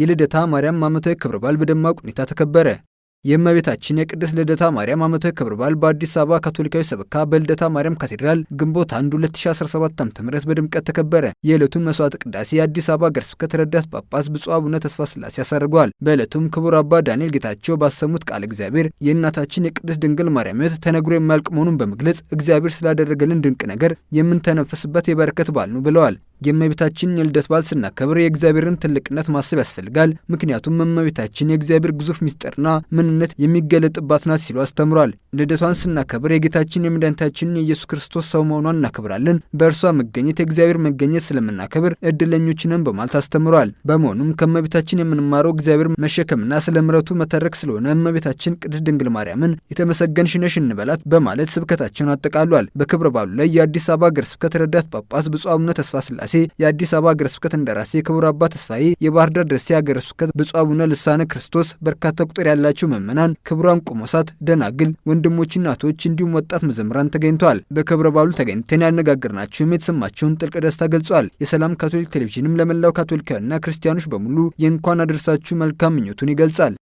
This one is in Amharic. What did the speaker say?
የልደታ ማርያም ዓመታዊ ክብረ በዓል በደማቅ ሁኔታ ተከበረ። የእመቤታችን የቅድስት ልደታ ማርያም ዓመታዊ ክብረ በዓል በአዲስ አበባ ካቶሊካዊ ሰበካ በልደታ ማርያም ካቴድራል ግንቦት 1 2017 ዓ.ም በድምቀት ተከበረ። የዕለቱን መስዋዕት ቅዳሴ የአዲስ አበባ ሀገረ ስብከት ረዳት ጳጳስ ብፁዕ አቡነ ተስፋ ስላሴ ያሳርገዋል። በዕለቱም ክቡር አባ ዳንኤል ጌታቸው ባሰሙት ቃለ እግዚአብሔር የእናታችን የቅድስት ድንግል ማርያም ሕይወት ተነግሮ የማያልቅ መሆኑን በመግለጽ እግዚአብሔር ስላደረገልን ድንቅ ነገር የምንተነፍስበት የበረከት በዓል ነው ብለዋል። የእመቤታችንን የልደት በዓል ስናከብር የእግዚአብሔርን ትልቅነት ማሰብ ያስፈልጋል። ምክንያቱም እመቤታችን የእግዚአብሔር ግዙፍ ምስጢርና ምንነት የሚገለጥባት ናት ሲሉ አስተምሯል። ልደቷን ስናከብር የጌታችን የመድኃኒታችንን የኢየሱስ ክርስቶስ ሰው መሆኗን እናከብራለን። በእርሷ መገኘት የእግዚአብሔር መገኘት ስለምናከብር እድለኞች በማለት አስተምሯል። በመሆኑም ከእመቤታችን የምንማረው እግዚአብሔር መሸከምና ስለ ምረቱ መተረክ ስለሆነ እመቤታችን ቅድስት ድንግል ማርያምን የተመሰገንሽ ነሽ እንበላት በማለት ስብከታቸውን አጠቃሏል። በክብረ በዓሉ ላይ የአዲስ አበባ ሀገረ ስብከት ረዳት ጳጳስ ብፁዕ አቡነ ተስፋ ስላሴ ስላሴ፣ የአዲስ አበባ ሀገረ ስብከት እንደራሴ ክቡር አባ ተስፋዬ፣ የባህር ዳር ደሴ ሀገረ ስብከት ብፁዕ አቡነ ልሳነ ክርስቶስ፣ በርካታ ቁጥር ያላቸው ምዕመናን፣ ክቡራን ቆሞሳት፣ ደናግል፣ ወንድሞችና እህቶች እንዲሁም ወጣት መዘምራን ተገኝተዋል። በክብረ በዓሉ ተገኝተን ያነጋገርናቸውም የተሰማቸውን ጥልቅ ደስታ ገልጿል። የሰላም ካቶሊክ ቴሌቪዥንም ለመላው ካቶሊካውያንና ክርስቲያኖች በሙሉ የእንኳን አደርሳችሁ መልካም ምኞቱን ይገልጻል።